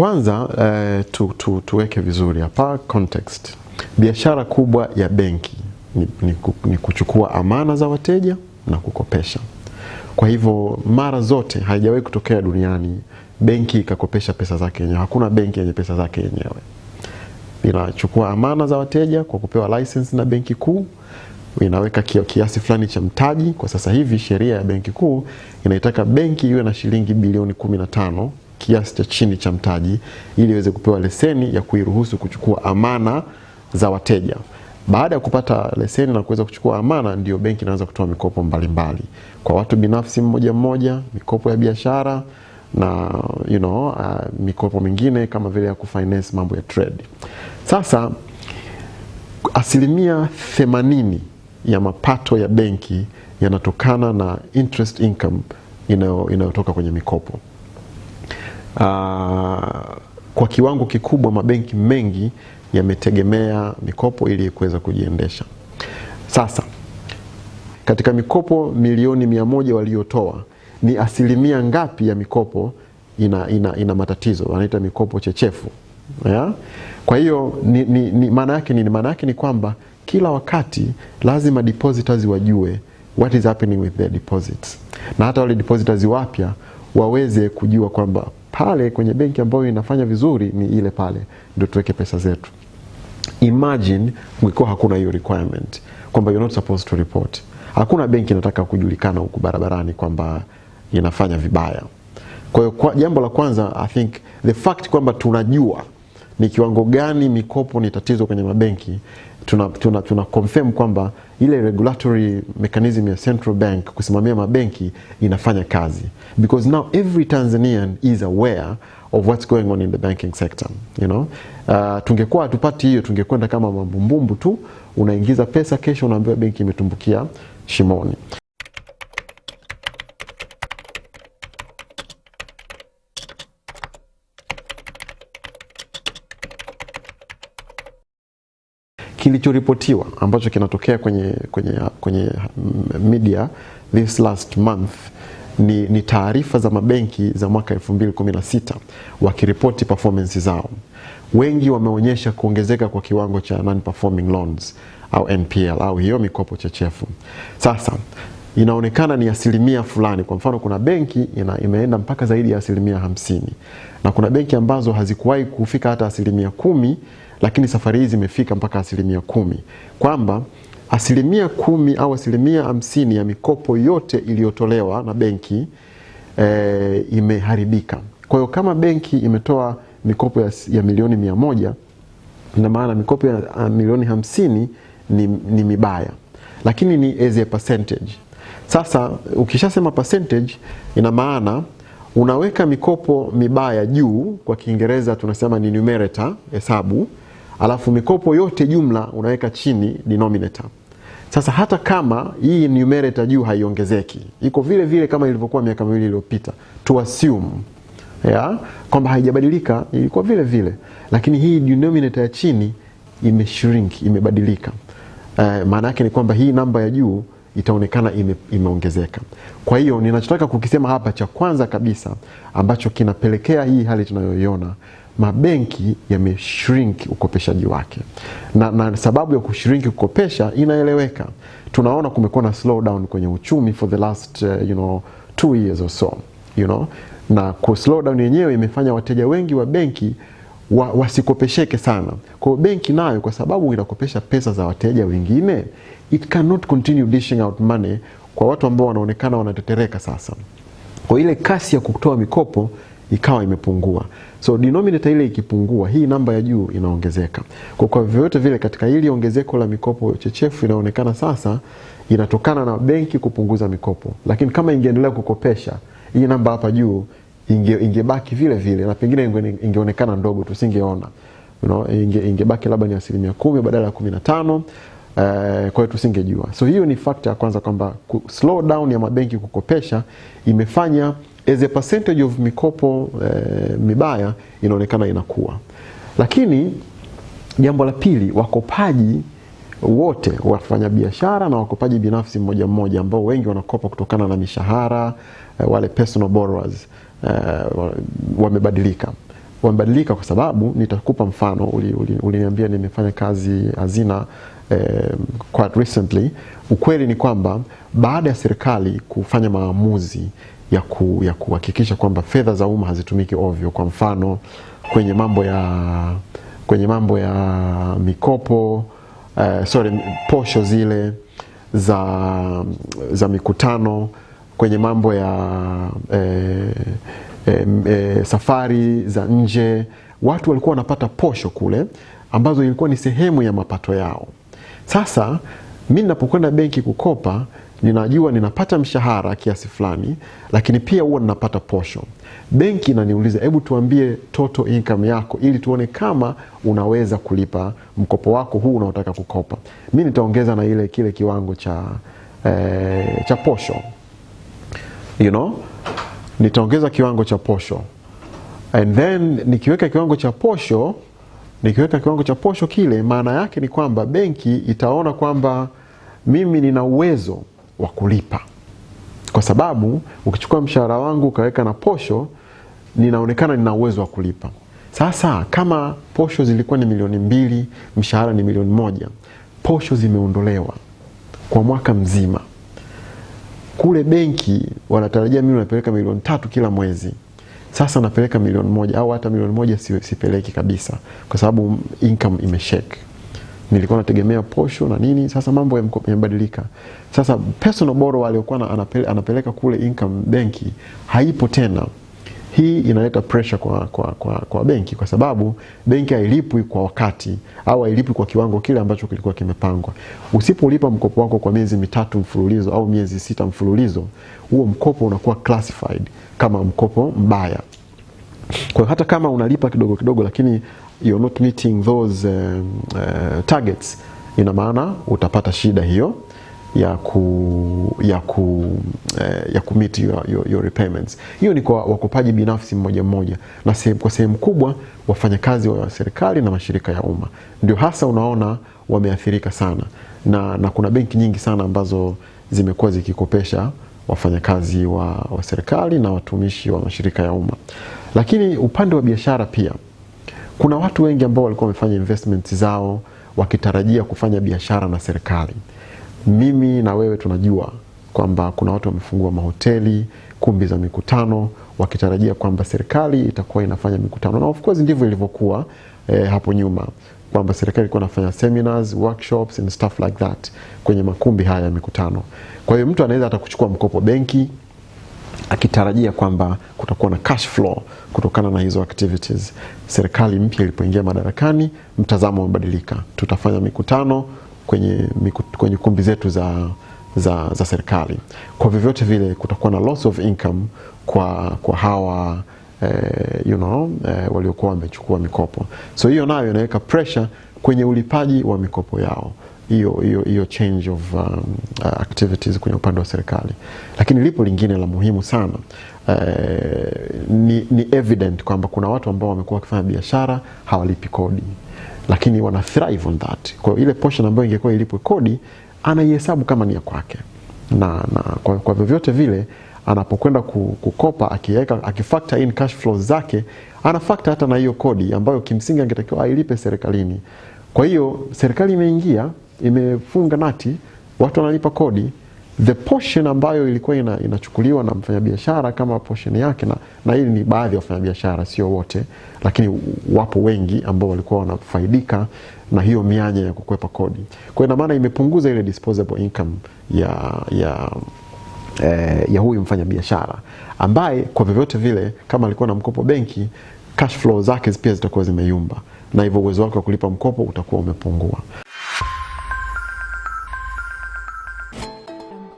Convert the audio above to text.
Kwanza eh, tu, tu, tuweke vizuri hapa context. Biashara kubwa ya benki ni, ni, ni kuchukua amana za wateja na kukopesha. Kwa hivyo mara zote haijawahi kutokea duniani benki ikakopesha pesa zake yenyewe. Hakuna benki yenye pesa zake yenyewe. Inachukua amana za wateja kwa kupewa license na benki kuu, inaweka kiasi fulani cha mtaji. Kwa sasa hivi sheria ya benki kuu inaitaka benki iwe na shilingi bilioni 15 kiasi cha chini cha mtaji ili iweze kupewa leseni ya kuiruhusu kuchukua amana za wateja. Baada ya kupata leseni na kuweza kuchukua amana, ndio benki inaanza kutoa mikopo mbalimbali mbali, kwa watu binafsi mmoja mmoja, mikopo ya biashara na you know, uh, mikopo mingine kama vile ya kufinance mambo ya trade. Sasa asilimia themanini ya mapato ya benki yanatokana na interest income inayotoka kwenye mikopo uh, kwa kiwango kikubwa mabenki mengi yametegemea mikopo ili kuweza kujiendesha. Sasa katika mikopo milioni mia moja waliotoa ni asilimia ngapi ya mikopo ina, ina, ina matatizo wanaita mikopo chechefu yeah? Kwa hiyo ni, ni, ni, maana yake ni, Maana yake ni kwamba kila wakati lazima depositors wajue what is happening with their deposits, na hata wale depositors wapya waweze kujua kwamba pale kwenye benki ambayo inafanya vizuri ni ile pale ndio tuweke pesa zetu. Imagine ungekuwa hakuna hiyo requirement kwamba you're not supposed to report. Hakuna benki inataka kujulikana huku barabarani kwamba inafanya vibaya. Kwa hiyo kwa, jambo la kwanza I think the fact kwamba tunajua ni kiwango gani mikopo ni tatizo kwenye mabenki tuna, tuna, tuna confirm kwamba ile regulatory mechanism ya central bank kusimamia mabenki inafanya kazi because now every Tanzanian is aware of what's going on in the banking sector you know. Uh, tungekuwa hatupati hiyo, tungekwenda kama mambumbumbu tu, unaingiza pesa, kesho unaambiwa benki imetumbukia shimoni. kilichoripotiwa ambacho kinatokea kwenye, kwenye, kwenye media this last month ni, ni taarifa za mabenki za mwaka 2016 wakiripoti performance zao, wengi wameonyesha kuongezeka kwa kiwango cha non performing loans au NPL au hiyo mikopo chechefu. Sasa inaonekana ni asilimia fulani. Kwa mfano, kuna benki ina, imeenda mpaka zaidi ya asilimia hamsini na kuna benki ambazo hazikuwahi kufika hata asilimia kumi lakini safari hii zimefika mpaka asilimia kumi, kwamba asilimia kumi au asilimia hamsini ya mikopo yote iliyotolewa na benki e, imeharibika. Kwa hiyo kama benki imetoa mikopo ya, ya milioni mia moja ina maana mikopo ya a, ah, milioni hamsini ni, ni mibaya, lakini ni as a percentage. Sasa ukishasema percentage, ina maana unaweka mikopo mibaya juu, kwa Kiingereza tunasema ni numerator, hesabu alafu mikopo yote jumla unaweka chini denominator. Sasa hata kama hii numerator juu haiongezeki, iko vile vile kama ilivyokuwa miaka miwili iliyopita, to assume ya kwamba haijabadilika, ilikuwa vile vile, lakini hii denominator ya chini imeshrink, imebadilika. Uh, maana yake ni kwamba hii namba ya juu itaonekana ime, imeongezeka. Kwa hiyo ninachotaka kukisema hapa cha kwanza kabisa ambacho kinapelekea hii hali tunayoiona mabenki yameshrinki ukopeshaji wake na, na sababu ya kushrinki kukopesha inaeleweka. Tunaona kumekuwa na slowdown kwenye uchumi for the last uh, you know, two years or so you know, na ku slowdown yenyewe imefanya wateja wengi wa benki wa, wasikopesheke sana. Kwa hiyo benki nayo kwa sababu inakopesha pesa za wateja wengine, it cannot continue dishing out money kwa watu ambao wanaonekana wanatetereka sasa. Kwa ile kasi ya kutoa mikopo ikawa imepungua. So denominator ile ikipungua, hii namba ya juu inaongezeka. Kwa kwa vyovyote vile, katika hili ongezeko la mikopo chechefu inaonekana sasa inatokana na benki kupunguza mikopo, lakini kama ingeendelea kukopesha, hii namba hapa juu inge ingebaki vile vile na pengine ingeonekana ndogo, tusingeona you know, inge, ingebaki labda ni asilimia kumi badala ya kumi na tano. Uh, kwa hiyo tusingejua. So hiyo ni fakta ya kwanza kwamba slow down ya mabenki kukopesha imefanya as a percentage of mikopo eh, mibaya inaonekana inakuwa. Lakini jambo la pili, wakopaji wote wafanyabiashara na wakopaji binafsi mmoja mmoja ambao wengi wanakopa kutokana na mishahara eh, wale personal borrowers eh, wamebadilika wamebadilika kwa sababu nitakupa mfano. Uliniambia uli, uli nimefanya kazi hazina eh, quite recently, ukweli ni kwamba baada ya serikali kufanya maamuzi ya, ku, ya kuhakikisha kwamba fedha za umma hazitumiki ovyo, kwa mfano kwenye mambo ya kwenye mambo ya mikopo eh, sorry, posho zile za, za mikutano kwenye mambo ya eh, eh, eh, safari za nje, watu walikuwa wanapata posho kule ambazo ilikuwa ni sehemu ya mapato yao. Sasa mi ninapokwenda benki kukopa, ninajua ninapata mshahara kiasi fulani, lakini pia huwa ninapata posho. Benki inaniuliza hebu tuambie total income yako, ili tuone kama unaweza kulipa mkopo wako huu unaotaka kukopa. Mi nitaongeza na ile kile kiwango cha, eh, cha posho you know? nitaongeza kiwango cha posho and then nikiweka kiwango cha posho nikiweka kiwango cha posho kile, maana yake ni kwamba benki itaona kwamba mimi nina uwezo wa kulipa, kwa sababu ukichukua mshahara wangu ukaweka na posho, ninaonekana nina uwezo wa kulipa. Sasa kama posho zilikuwa ni milioni mbili, mshahara ni milioni moja, posho zimeondolewa kwa mwaka mzima, kule benki wanatarajia mimi napeleka milioni tatu kila mwezi. Sasa napeleka milioni moja au hata milioni moja sipeleki kabisa, kwa sababu income imeshake. Nilikuwa nategemea posho na nini, sasa mambo yamebadilika. Sasa personal borrower aliokuwa anapeleka kule income benki haipo tena. Hii inaleta presha kwa, kwa, kwa, kwa benki kwa sababu benki hailipwi kwa wakati au hailipwi kwa kiwango kile ambacho kilikuwa kimepangwa. Usipolipa mkopo wako kwa miezi mitatu mfululizo au miezi sita mfululizo, huo mkopo unakuwa classified kama mkopo mbaya. Kwa hata kama unalipa kidogo kidogo, lakini you're not meeting those uh, uh, targets, ina maana utapata shida hiyo ya ku ya ku eh, ya kumit your, your, your repayments. Hiyo ni kwa wakopaji binafsi mmoja mmoja, na sehemu kwa sehemu kubwa wafanyakazi wa serikali na mashirika ya umma ndio hasa unaona wameathirika sana, na, na kuna benki nyingi sana ambazo zimekuwa zikikopesha wafanyakazi wa, wa serikali na watumishi wa mashirika ya umma. Lakini upande wa biashara pia kuna watu wengi ambao walikuwa wamefanya investment zao wakitarajia kufanya biashara na serikali mimi na wewe tunajua kwamba kuna watu wamefungua mahoteli, kumbi za mikutano, wakitarajia kwamba serikali itakuwa inafanya mikutano, na of course ndivyo ilivyokuwa eh, hapo nyuma kwamba serikali ilikuwa inafanya seminars, workshops and stuff like that kwenye makumbi haya ya mikutano. Kwa hiyo mtu anaweza hata kuchukua mkopo benki akitarajia kwamba kutakuwa na cash flow kutokana na hizo activities. Serikali mpya ilipoingia madarakani, mtazamo umebadilika, tutafanya mikutano kwenye, kwenye kumbi zetu za, za, za serikali. Kwa vyovyote vile kutakuwa na loss of income kwa, kwa hawa eh, you know, eh, waliokuwa wamechukua mikopo, so hiyo nayo inaweka pressure kwenye ulipaji wa mikopo yao hiyo hiyo hiyo change of um, uh, activities kwenye upande wa serikali. Lakini lipo lingine la muhimu sana uh, ni, ni evident kwamba kuna watu ambao wamekuwa wakifanya biashara hawalipi kodi lakini wana thrive on that. Kwa ile portion ambayo ingekuwa ilipwe kodi anaihesabu kama ni ya kwake, na, na kwa, kwa vyovyote vile anapokwenda kukopa akiweka akifactor in cash flow zake ana factor hata na hiyo kodi ambayo kimsingi angetakiwa ailipe serikalini. Kwa hiyo serikali imeingia, imefunga nati, watu wanalipa kodi the portion ambayo ilikuwa ina, inachukuliwa na mfanyabiashara kama portion yake, na, na hili ni baadhi ya wafanyabiashara, sio wote, lakini wapo wengi ambao walikuwa wanafaidika na hiyo mianya ya kukwepa kodi. Kwa ina maana imepunguza ile disposable income ya, ya eh, ya huyu mfanyabiashara ambaye kwa vyovyote vile kama alikuwa na mkopo benki, cash flow zake pia zitakuwa zimeyumba, na hivyo uwezo wake wa kulipa mkopo utakuwa umepungua.